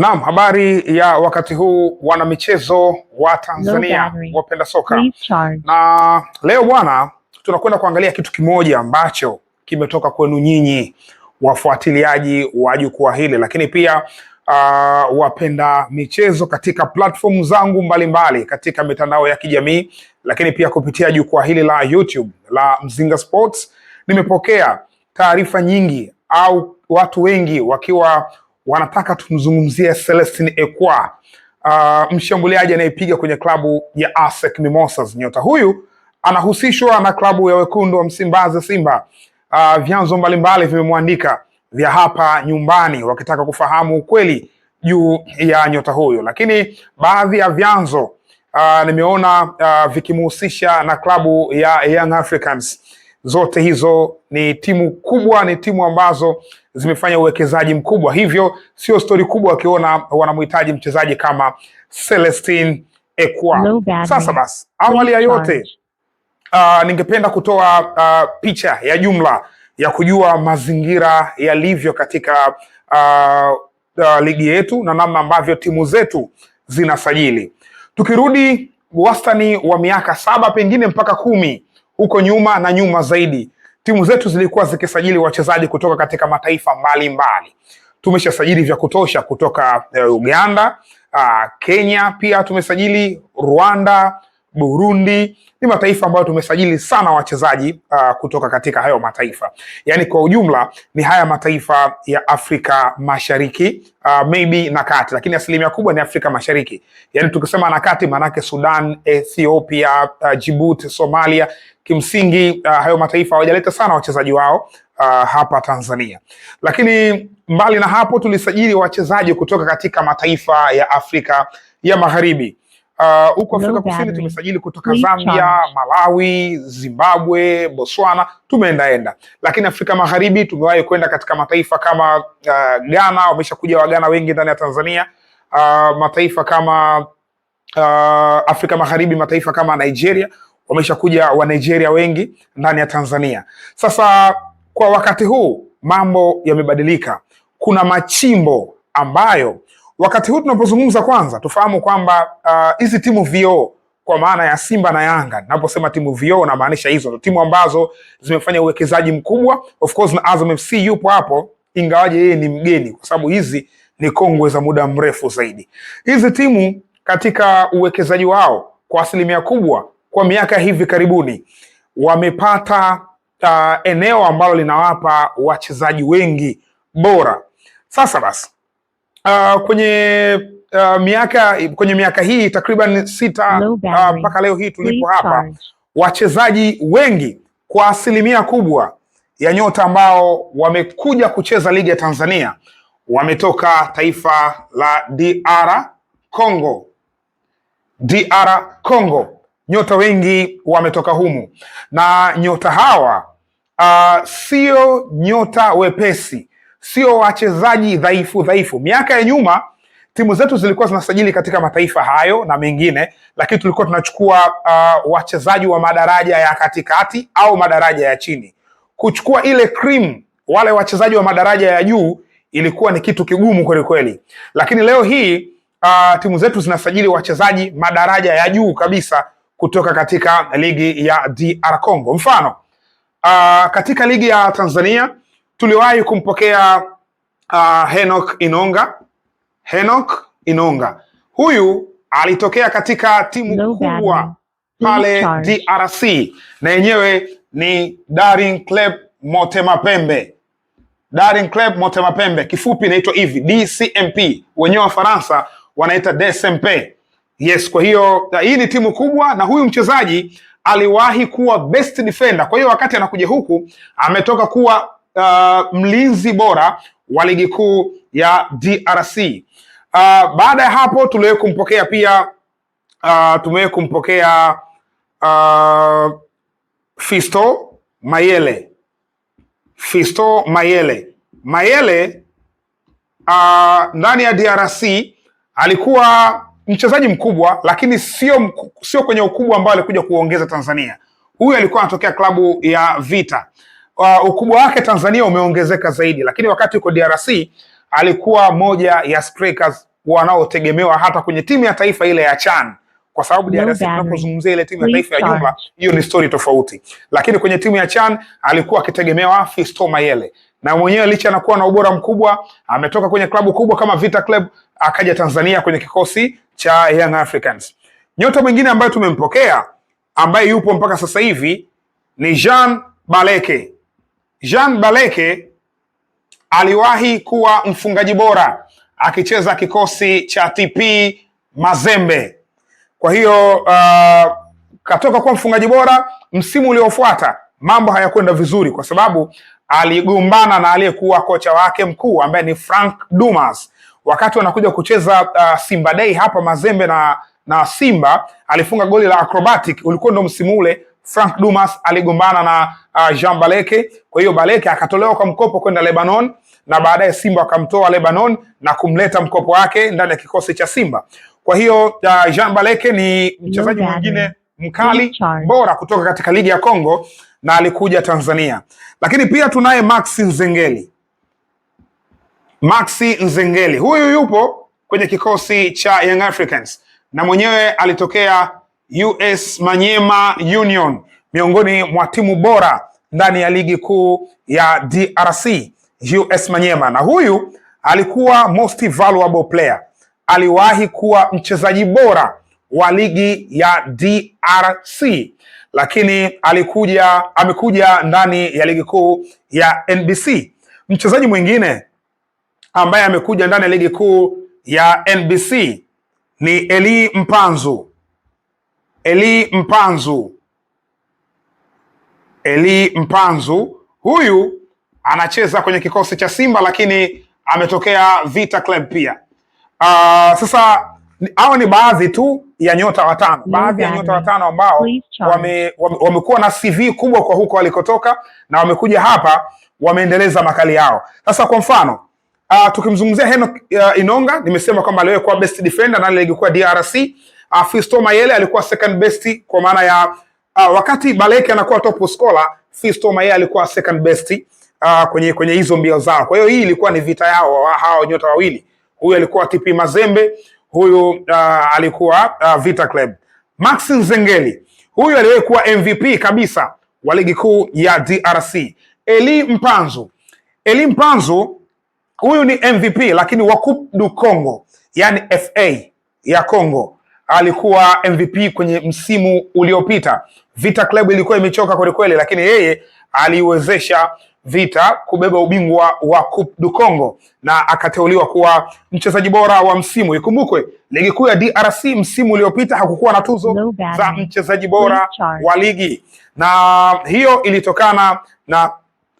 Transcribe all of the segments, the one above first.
Naam, habari ya wakati huu wana michezo wa Tanzania wapenda soka, na leo bwana, tunakwenda kuangalia kitu kimoja ambacho kimetoka kwenu nyinyi wafuatiliaji wa jukwaa hili, lakini pia uh, wapenda michezo katika platform zangu mbalimbali mbali, katika mitandao ya kijamii, lakini pia kupitia jukwaa hili la YouTube la Mzinga Sports, nimepokea taarifa nyingi au watu wengi wakiwa wanataka tumzungumzie Celestin Ekwa, uh, mshambuliaji anayepiga kwenye klabu ya ASEC Mimosas. Nyota huyu anahusishwa na klabu ya wekundu wa Msimbazi Simba. Uh, vyanzo mbalimbali vimemwandika vya hapa nyumbani wakitaka kufahamu ukweli juu ya nyota huyu, lakini baadhi ya vyanzo uh, nimeona uh, vikimhusisha na klabu ya Young Africans. Zote hizo ni timu kubwa, ni timu ambazo zimefanya uwekezaji mkubwa, hivyo sio stori kubwa wakiona wanamhitaji mchezaji kama Celestin Ekwa. Sasa basi, awali ya yote uh, ningependa kutoa uh, picha ya jumla ya kujua mazingira yalivyo katika uh, uh, ligi yetu na namna ambavyo timu zetu zinasajili tukirudi wastani wa miaka saba pengine mpaka kumi huko nyuma na nyuma zaidi timu zetu zilikuwa zikisajili wachezaji kutoka katika mataifa mbalimbali. Tumeshasajili vya kutosha kutoka eh, Uganda, ah, Kenya, pia tumesajili Rwanda, Burundi ni mataifa ambayo tumesajili sana wachezaji uh, kutoka katika hayo mataifa. Yaani kwa ujumla ni haya mataifa ya Afrika Mashariki uh, maybe na kati, lakini asilimia kubwa ni Afrika Mashariki. Yaani tukisema na kati, maanake Sudan, Ethiopia, uh, Djibouti, Somalia. Kimsingi uh, hayo mataifa hawajaleta sana wachezaji wao uh, hapa Tanzania, lakini mbali na hapo tulisajili wachezaji kutoka katika mataifa ya Afrika ya Magharibi Uh, huko uh, Afrika Kusini tumesajili kutoka Zambia, Malawi, Zimbabwe, Botswana, tumeendaenda. Lakini Afrika Magharibi tumewahi kwenda katika mataifa kama uh, Ghana, wameshakuja Wagana wengi ndani ya Tanzania. Uh, mataifa kama uh, Afrika Magharibi, mataifa kama Nigeria, wameshakuja wa Nigeria wengi ndani ya Tanzania. Sasa kwa wakati huu mambo yamebadilika, kuna machimbo ambayo Wakati huu tunapozungumza, kwanza tufahamu kwamba uh, hizi uh, timu VO kwa maana ya Simba na Yanga. Naposema timu VO namaanisha hizo ndo timu ambazo zimefanya uwekezaji mkubwa. Of course na Azam FC yupo hapo, ingawaje yeye ni mgeni, kwa sababu hizi ni kongwe za muda mrefu zaidi. Hizi timu katika uwekezaji wao kwa asilimia kubwa, kwa miaka hivi karibuni wamepata uh, eneo ambalo linawapa wachezaji wengi bora. Sasa basi uh, kwenye uh, miaka kwenye miaka hii takriban sita ah, mpaka uh, leo hii tulipo hapa, wachezaji wengi kwa asilimia kubwa ya nyota ambao wamekuja kucheza ligi ya Tanzania wametoka taifa la DR Congo. DR Congo, nyota wengi wametoka humu, na nyota hawa uh, sio nyota wepesi sio wachezaji dhaifu dhaifu. Miaka ya nyuma timu zetu zilikuwa zinasajili katika mataifa hayo na mengine, lakini tulikuwa tunachukua uh, wachezaji wa madaraja ya katikati au madaraja ya chini. Kuchukua ile cream, wale wachezaji wa madaraja ya juu ilikuwa ni kitu kigumu kweli kweli, lakini leo hii uh, timu zetu zinasajili wachezaji madaraja ya juu kabisa kutoka katika ligi ya DR Congo. Mfano uh, katika ligi ya Tanzania tuliwahi kumpokea uh, henok Inonga. henok Inonga huyu alitokea katika timu kubwa pale DRC na yenyewe ni Daring Club Motema Pembe. Daring Club Motema Pembe kifupi inaitwa hivi DCMP, wenyewe wa Faransa wanaita dsmp Yes, kwa hiyo hii ni timu kubwa, na huyu mchezaji aliwahi kuwa best defender. Kwa hiyo wakati anakuja huku ametoka kuwa uh, mlinzi bora wa ligi kuu ya DRC. Uh, baada ya hapo tuliwe kumpokea pia uh, tumewe kumpokea uh, Fisto Mayele Fisto Mayele Mayele uh, ndani ya DRC alikuwa mchezaji mkubwa, lakini sio sio kwenye ukubwa ambao alikuja kuongeza Tanzania. Huyu alikuwa anatokea klabu ya Vita uh, ukubwa wake Tanzania umeongezeka zaidi, lakini wakati uko DRC alikuwa moja ya strikers wanaotegemewa hata kwenye timu ya taifa ile ya CHAN kwa sababu DRC tunapozungumzia ile timu ya taifa ya jumla, hiyo ni story tofauti, lakini kwenye timu ya CHAN alikuwa akitegemewa Fisto Mayele na mwenyewe licha anakuwa na ubora mkubwa, ametoka kwenye klabu kubwa kama Vita Club akaja Tanzania kwenye kikosi cha Young Africans. Nyota mwingine ambaye tumempokea ambaye yupo mpaka sasa hivi ni Jean Baleke Jean Baleke aliwahi kuwa mfungaji bora akicheza kikosi cha TP Mazembe. Kwa hiyo uh, katoka kuwa mfungaji bora, msimu uliofuata mambo hayakwenda vizuri, kwa sababu aligombana na aliyekuwa kocha wake mkuu ambaye ni Frank Dumas. Wakati wanakuja kucheza uh, Simba Day hapa Mazembe na na Simba, alifunga goli la acrobatic, ulikuwa ndo msimu ule Frank Dumas aligombana na uh, Jean Baleke. Kwa hiyo Baleke akatolewa kwa mkopo kwenda Lebanon na baadaye Simba akamtoa Lebanon na kumleta mkopo wake ndani ya kikosi cha Simba. Kwa hiyo uh, Jean Baleke ni mchezaji mwingine mkali bora kutoka katika ligi ya Kongo na alikuja Tanzania, lakini pia tunaye Maxi Nzengeli. Maxi Nzengeli huyu yupo kwenye kikosi cha Young Africans na mwenyewe alitokea US Manyema Union miongoni mwa timu bora ndani ya ligi kuu ya DRC. US Manyema, na huyu alikuwa most valuable player, aliwahi kuwa mchezaji bora wa ligi ya DRC, lakini alikuja amekuja ndani ya ligi kuu ya NBC. Mchezaji mwingine ambaye amekuja ndani ya ligi kuu ya NBC ni Eli Mpanzu Eli Mpanzu. Eli Mpanzu huyu anacheza kwenye kikosi cha Simba lakini ametokea Vita Club pia. Uh, sasa hao ni baadhi tu ya nyota watano, baadhi ya nyota watano ambao wamekuwa wame, wame na CV kubwa kwa huko walikotoka na wamekuja hapa wameendeleza makali yao. Sasa kwa mfano uh, tukimzungumzia Henok uh, Inonga nimesema kwamba aliwahi kuwa best defender na ligi kuu ya DRC uh, Fisto Mayele alikuwa second best kwa maana ya uh, wakati Baleke anakuwa top scorer, Fisto Mayele alikuwa second best uh, kwenye kwenye hizo mbio zao. Kwa hiyo hii ilikuwa ni vita yao hao nyota wawili, huyu alikuwa TP Mazembe, huyu uh, alikuwa uh, Vita Club. Max Nzengeli huyu aliwahi kuwa MVP kabisa wa ligi kuu ya DRC. Eli Mpanzu, Eli Mpanzu huyu ni MVP lakini wa Coupe du Congo, yani FA ya Congo alikuwa MVP kwenye msimu uliopita. Vita Club ilikuwa imechoka kwelikweli, lakini yeye aliwezesha Vita kubeba ubingwa wa Coupe du Congo na akateuliwa kuwa mchezaji bora wa msimu. Ikumbukwe ligi kuu ya DRC msimu uliopita hakukuwa na tuzo za mchezaji bora wa ligi, na hiyo ilitokana na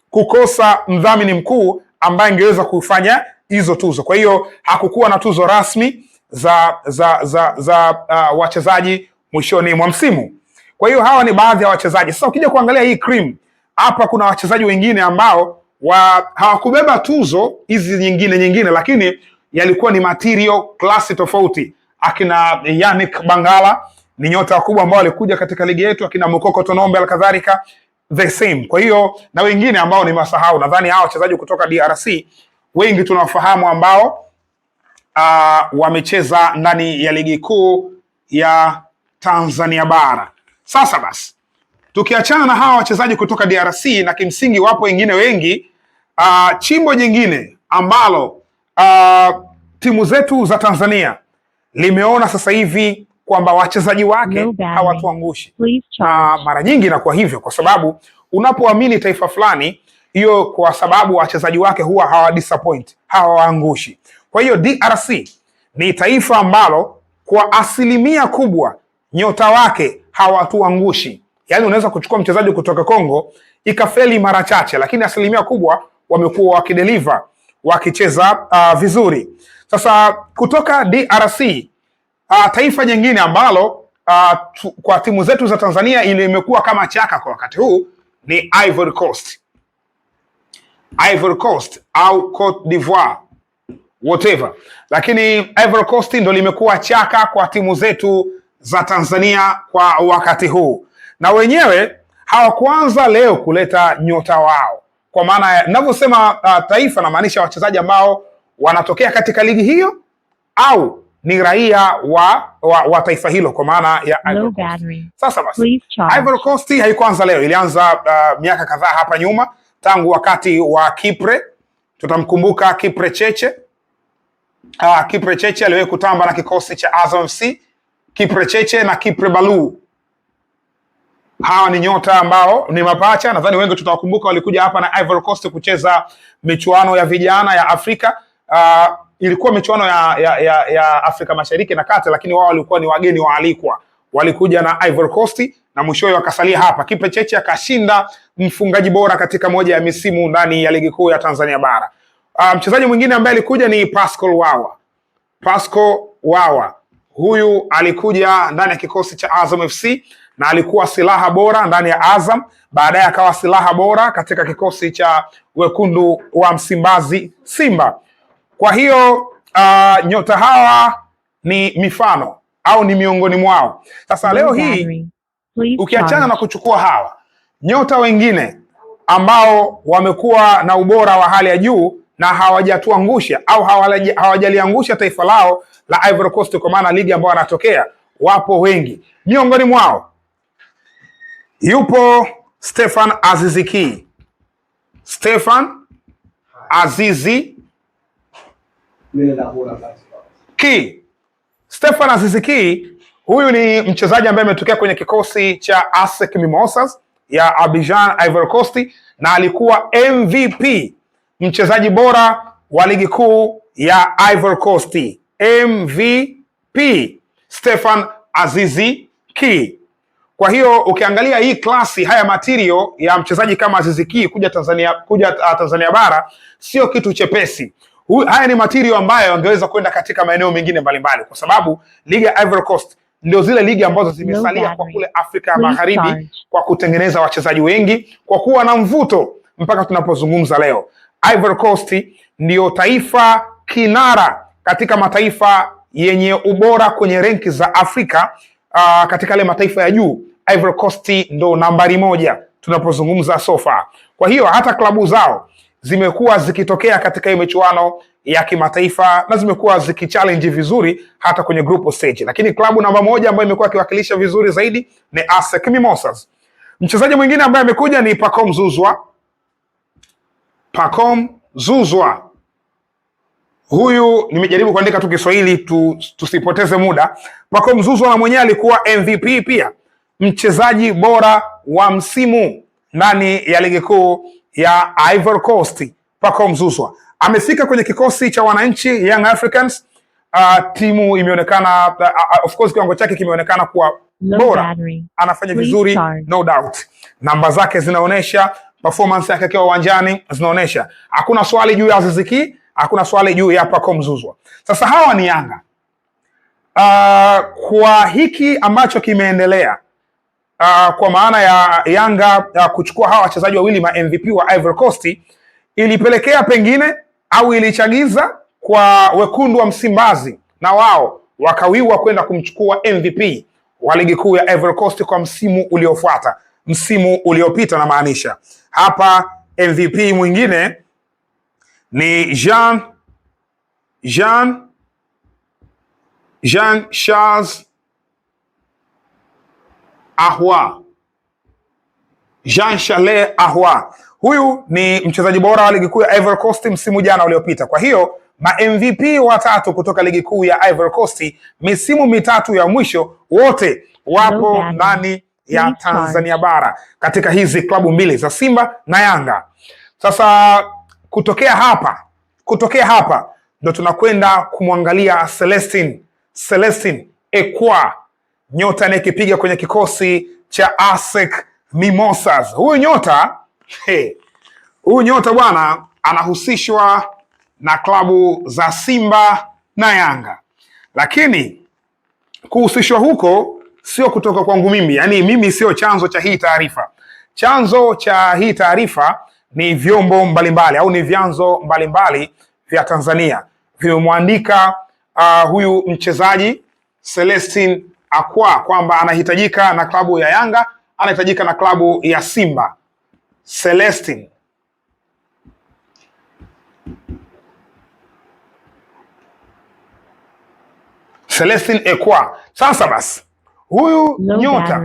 kukosa mdhamini mkuu ambaye angeweza kufanya hizo tuzo. Kwa hiyo hakukuwa na tuzo rasmi za za za, za uh, wachezaji mwishoni mwa msimu. Kwa hiyo hawa ni baadhi ya wachezaji. Sasa ukija kuangalia hii cream hapa, kuna wachezaji wengine ambao wa, hawakubeba tuzo hizi nyingine nyingine, lakini yalikuwa ni material klasi tofauti. Akina Yannick Bangala ni nyota wakubwa ambao walikuja katika ligi yetu, akina Mukoko Tonombe alikadhalika the same. Kwa hiyo na wengine ambao nimewasahau, nadhani hawa wachezaji kutoka DRC wengi tunawafahamu ambao uh, wamecheza ndani ya ligi kuu ya Tanzania bara. Sasa basi tukiachana na hawa wachezaji kutoka DRC na kimsingi wapo wengine wengi uh, chimbo jingine ambalo uh, timu zetu za Tanzania limeona sasa hivi kwamba wachezaji wake no hawatuangushi uh, mara nyingi inakuwa hivyo kwa sababu unapoamini taifa fulani hiyo, kwa sababu wachezaji wake huwa hawadisappoint, hawaangushi. Kwa hiyo DRC ni taifa ambalo kwa asilimia kubwa nyota wake hawatuangushi. Yaani unaweza kuchukua mchezaji kutoka Kongo ikafeli mara chache, lakini asilimia kubwa wamekuwa wakideliver wakicheza uh, vizuri. Sasa kutoka DRC uh, taifa nyingine ambalo uh, tu, kwa timu zetu za Tanzania ile imekuwa kama chaka kwa wakati huu ni Ivory Coast. Ivory Coast au Cote d'Ivoire whatever. Lakini Ivory Coast ndo limekuwa chaka kwa timu zetu za Tanzania kwa wakati huu, na wenyewe hawakuanza leo kuleta nyota wao. Kwa maana ninavyosema uh, taifa namaanisha wachezaji ambao wanatokea katika ligi hiyo au ni raia wa, wa, wa taifa hilo kwa maana ya Ivory Coast. Sasa basi Ivory Coast haikuanza leo, ilianza uh, miaka kadhaa hapa nyuma tangu wakati wa Kipre, tutamkumbuka Kipre Cheche uh, Kipre Cheche aliwahi kutamba na kikosi cha Azam FC. Kipre Cheche na Kipre Balu, hawa ni nyota ambao ni mapacha, nadhani wengi tutawakumbuka, walikuja hapa na Ivory Coast kucheza michuano ya vijana ya Afrika. Uh, ilikuwa michuano ya, ya, ya, ya Afrika Mashariki na Kati, lakini wao walikuwa ni wageni waalikwa, walikuja na Ivory Coast na mwishowe wakasalia hapa. Kipre Cheche akashinda mfungaji bora katika moja ya misimu ndani ya ligi kuu ya Tanzania bara. Ah, mchezaji mwingine ambaye alikuja ni Pascal Wawa. Pascal Wawa huyu alikuja ndani ya kikosi cha Azam FC na alikuwa silaha bora ndani ya Azam, baadaye akawa silaha bora katika kikosi cha wekundu wa Msimbazi Simba. Kwa hiyo uh, nyota hawa ni mifano au ni miongoni mwao. Sasa leo hii ukiachana na kuchukua hawa nyota wengine ambao wamekuwa na ubora wa hali ya juu na hawajatuangusha au hawajaliangusha taifa lao la Ivory Coast, kwa maana ligi ambayo anatokea Wapo wengi miongoni mwao, yupo Stefan Aziziki, Stefan Azizi ki Stefan Aziziki, huyu ni mchezaji ambaye ametokea kwenye kikosi cha ASEC Mimosas ya Abidjan Ivory Coast, na alikuwa MVP mchezaji bora wa ligi kuu ya Ivory Coast MVP Stefan Azizi Ki. Kwa hiyo ukiangalia hii klasi, haya material ya mchezaji kama Azizi Ki kuja Tanzania, kuja ah, Tanzania bara sio kitu chepesi. Haya ni material ambayo angeweza kwenda katika maeneo mengine mbalimbali, kwa sababu ligi ya Ivory Coast ndio zile ligi ambazo zimesalia no, kwa kule Afrika ya Magharibi kwa kutengeneza wachezaji wengi, kwa kuwa na mvuto mpaka tunapozungumza leo. Ivory Coast ndiyo taifa kinara katika mataifa yenye ubora kwenye renki za Afrika. Uh, katika yale mataifa ya juu Ivory Coast ndo nambari moja tunapozungumza sofa. Kwa hiyo hata klabu zao zimekuwa zikitokea katika hiyo michuano ya kimataifa na zimekuwa zikichallenge vizuri hata kwenye group stage, lakini klabu namba moja ambayo imekuwa ikiwakilisha vizuri zaidi ni ASEC Mimosas. Mchezaji mwingine ambaye amekuja ni Pacome Zouzoua Pacom Zuzwa. Huyu nimejaribu kuandika tu Kiswahili tu, tusipoteze muda. Pacom Zuzwa na mwenyewe alikuwa MVP pia, mchezaji bora wa msimu ndani ya ligi kuu ya Ivory Coast. Pacom Zuzwa amefika kwenye kikosi cha wananchi Young Africans. Uh, timu imeonekana uh, uh, of course kiwango chake kimeonekana kuwa bora, anafanya vizuri no doubt, namba zake zinaonyesha performance yake akiwa uwanjani zinaonyesha. Hakuna swali juu ya Aziz Ki, hakuna swali juu ya Paco Mzuzwa. Sasa hawa ni Yanga. Uh, kwa hiki ambacho kimeendelea uh, kwa maana ya Yanga uh, kuchukua hawa wachezaji wawili ma MVP wa Ivory Coast ilipelekea pengine au ilichagiza kwa wekundu wa Msimbazi na wao wakawiwa kwenda kumchukua MVP wa ligi kuu ya Ivory Coast kwa msimu uliofuata msimu uliopita, namaanisha hapa. MVP mwingine ni Jean Jean Jean Charles Ahwa, Jean Charles Ahwa, huyu ni mchezaji bora wa ligi kuu ya Ivory Coast msimu jana uliopita. Kwa hiyo ma MVP watatu kutoka ligi kuu ya Ivory Coast misimu mitatu ya mwisho wote wapo ndani ya Tanzania bara katika hizi klabu mbili za Simba na Yanga. Sasa kutokea hapa kutokea hapa ndo tunakwenda kumwangalia Celestin Celestin Ekwa, nyota anayekipiga kwenye kikosi cha ASEC Mimosas. Huyu nyota huyu nyota bwana anahusishwa na klabu za Simba na Yanga, lakini kuhusishwa huko sio kutoka kwangu mimi, yaani mimi sio chanzo cha hii taarifa. Chanzo cha hii taarifa ni vyombo mbalimbali mbali, au ni vyanzo mbalimbali vya Tanzania vimemwandika uh, huyu mchezaji Celestin Akwa kwamba anahitajika na klabu ya Yanga, anahitajika na klabu ya Simba. Celestin Celestin Ekwa. Sasa basi huyu nyota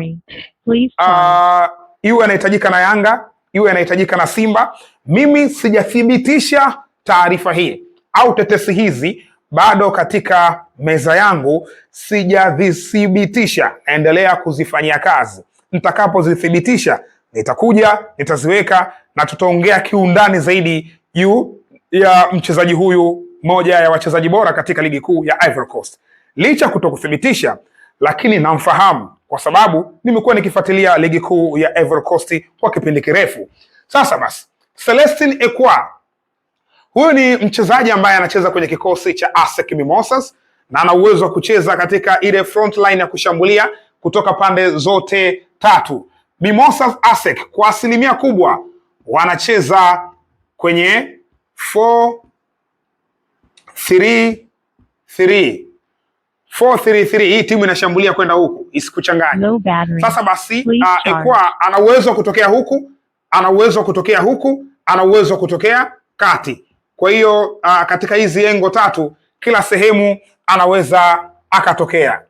ah, iwe anahitajika na Yanga, iwe anahitajika na Simba. Mimi sijathibitisha taarifa hii au tetesi hizi bado katika meza yangu, sijazithibitisha. Naendelea kuzifanyia kazi. Nitakapozithibitisha nitakuja nitaziweka na tutaongea kiundani zaidi juu ya mchezaji huyu, moja ya wachezaji bora katika ligi kuu ya Ivory Coast. Licha kutokuthibitisha lakini namfahamu kwa sababu nimekuwa nikifuatilia ligi kuu ya Ivory Coast kwa kipindi kirefu sasa. Basi Celestin Ekwa huyu ni mchezaji ambaye anacheza kwenye kikosi cha ASEC Mimosas na ana uwezo wa kucheza katika ile front line ya kushambulia kutoka pande zote tatu. Mimosas ASEC kwa asilimia kubwa wanacheza kwenye 4 3 3 433 hii timu inashambulia kwenda huku, isikuchanganya. Sasa basi, ah, Ekwa ana uwezo wa kutokea huku, ana uwezo wa kutokea huku, ana uwezo wa kutokea kati. Kwa hiyo uh, katika hizi engo tatu kila sehemu anaweza akatokea.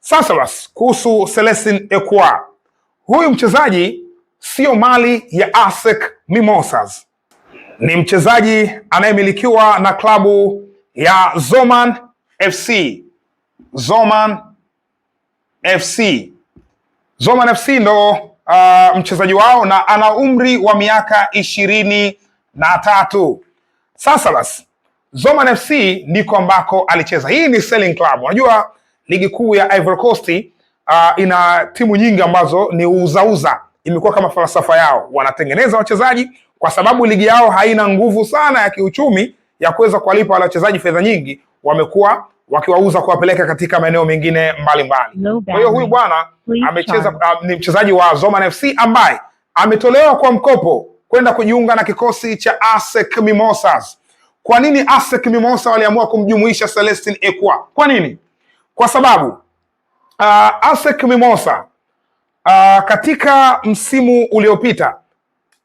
Sasa basi, kuhusu Celestin Ekwa, huyu mchezaji siyo mali ya ASEC Mimosas, ni mchezaji anayemilikiwa na klabu ya Zoman FC Zoman FC. Zoman FC ndo uh, mchezaji wao na ana umri wa miaka ishirini na tatu. Sasa basi Zoman FC ndiko ambako alicheza. Hii ni selling club. Unajua ligi kuu ya Ivory Coast uh, ina timu nyingi ambazo ni uzauza imekuwa kama falsafa yao, wanatengeneza wachezaji kwa sababu ligi yao haina nguvu sana ya kiuchumi ya kuweza kuwalipa wale wachezaji fedha nyingi, wamekuwa wakiwauza kuwapeleka katika maeneo mengine mbalimbali. Kwa hiyo huyu bwana amecheza, uh, ni mchezaji wa Zoman FC ambaye ametolewa kwa mkopo kwenda kujiunga na kikosi cha ASEC Mimosas. Kwa nini ASEC Mimosa waliamua kumjumuisha Celestin Ekwa? Kwa nini? Kwa sababu uh, ASEC Mimosa uh, katika msimu uliopita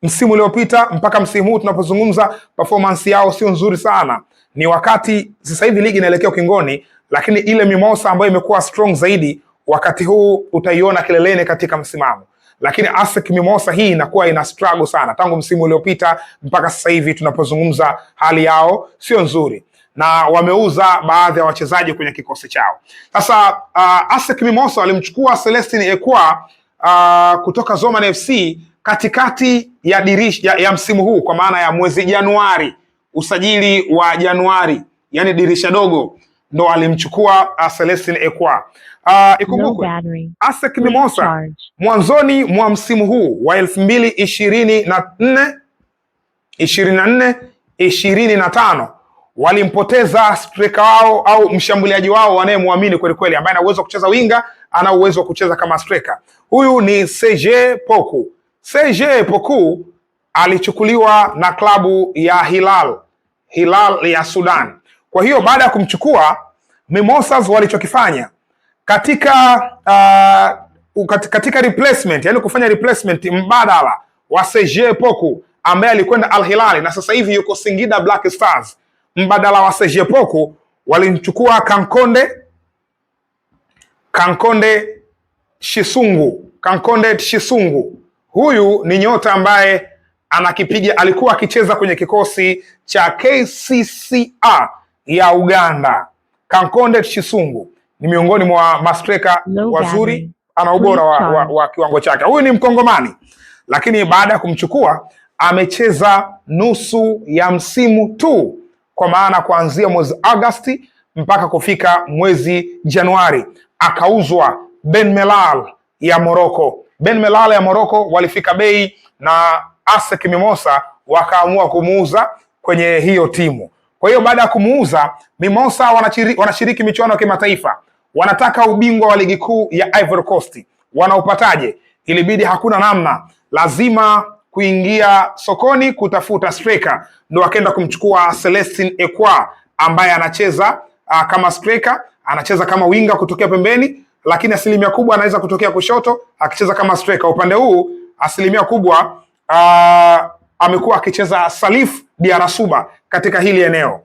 msimu uliopita mpaka msimu huu tunapozungumza, performance yao sio nzuri sana ni wakati sasa hivi ligi inaelekea ukingoni, lakini ile Mimosa ambayo imekuwa strong zaidi wakati huu utaiona kileleni katika msimamo lakini ASEC Mimosa hii inakuwa ina struggle sana tangu msimu uliopita mpaka sasa hivi tunapozungumza, hali yao sio nzuri na wameuza baadhi ya wachezaji kwenye kikosi chao. Sasa uh, ASEC Mimosa walimchukua Celestin Ekwa uh, kutoka Zoman FC katikati ya, dirish, ya, ya msimu huu kwa maana ya mwezi Januari usajili wa Januari, yani dirisha dogo, ndo alimchukua uh, Celestin Ekwa. Uh, ikumbukwe no Asec Mimosa mwanzoni mwa msimu huu wa elfu mbili ishirini na nne ishirini na nne ishirini na tano walimpoteza striker wao au mshambuliaji wao wanayemwamini kwelikweli, ambaye ana uwezo wa kucheza winga, ana uwezo wa kucheza kama striker. Huyu ni Serge Poku. Serge Poku alichukuliwa na klabu ya Hilal Hilal ya Sudan. Kwa hiyo baada ya kumchukua Mimosas, walichokifanya katika uh, katika replacement, yani kufanya replacement mbadala wa Serge Poku ambaye alikwenda Al Hilal na sasa hivi yuko Singida Black Stars. Mbadala wa Serge Poku walimchukua Kankonde Kankonde Shisungu Kankonde Shisungu. Huyu ni nyota ambaye anakipiga, alikuwa akicheza kwenye kikosi cha KCCA ya Uganda. Kankonde Chisungu ni miongoni mwa mastreka no wazuri, ana ubora wa, wa, wa kiwango chake. Huyu ni Mkongomani, lakini baada ya kumchukua amecheza nusu ya msimu tu, kwa maana kuanzia mwezi Agosti mpaka kufika mwezi Januari akauzwa Ben Melal ya Moroko. Ben Melal ya Moroko walifika bei na ASEC Mimosa wakaamua kumuuza kwenye hiyo timu. Kwa hiyo baada ya kumuuza Mimosa wanashiriki, wanashiriki michuano ya kimataifa, wanataka ubingwa wa ligi kuu ya Ivory Coast. Wanaupataje? Ilibidi hakuna namna, lazima kuingia sokoni kutafuta striker, ndo akaenda kumchukua Celestin Ekwa ambaye anacheza uh, kama striker, anacheza kama winga kutokea pembeni, lakini asilimia kubwa anaweza kutokea kushoto akicheza kama striker upande huu, asilimia kubwa uh, amekuwa akicheza Salif Suba katika hili eneo.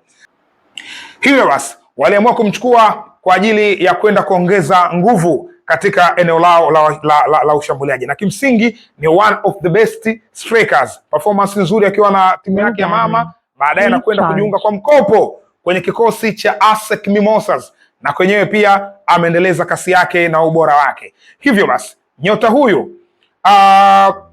Hivyo basi waliamua kumchukua kwa ajili ya kwenda kuongeza nguvu katika eneo lao la, la, la, la ushambuliaji na kimsingi ni one of the best strikers. Performance nzuri akiwa na timu yake ya mama, baadaye anakwenda kujiunga kwa mkopo kwenye kikosi cha ASEC Mimosas na kwenyewe pia ameendeleza kasi yake na ubora wake. Hivyo basi nyota huyu uh,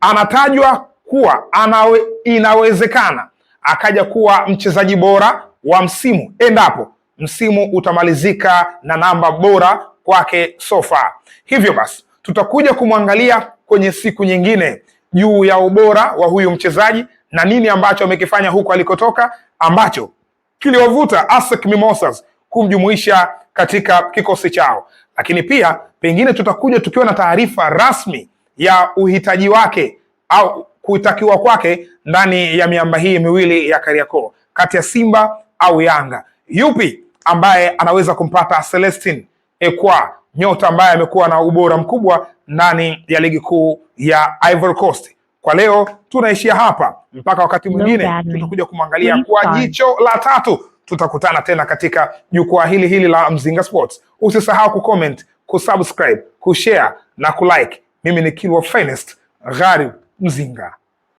anatajwa kuwa anawe, inawezekana akaja kuwa mchezaji bora wa msimu endapo msimu utamalizika na namba bora kwake sofa Hivyo basi tutakuja kumwangalia kwenye siku nyingine juu ya ubora wa huyu mchezaji na nini ambacho amekifanya huko alikotoka ambacho kiliwavuta ASEC Mimosas kumjumuisha katika kikosi chao, lakini pia pengine tutakuja tukiwa na taarifa rasmi ya uhitaji wake au kutakiwa kwake ndani ya miamba hii miwili ya Kariakoo, kati ya Simba au Yanga, yupi ambaye anaweza kumpata Celestin Ekwa, nyota ambaye amekuwa na ubora mkubwa ndani ya ligi kuu ya Ivory Coast. Kwa leo tunaishia hapa, mpaka wakati mwingine tutakuja kumwangalia kwa jicho la tatu. Tutakutana tena katika jukwaa hili hili la Mzinga Sports. Usisahau kucomment, kusubscribe, kushare na kulike. mesmo naquilo, o finest, Rário Mzinga.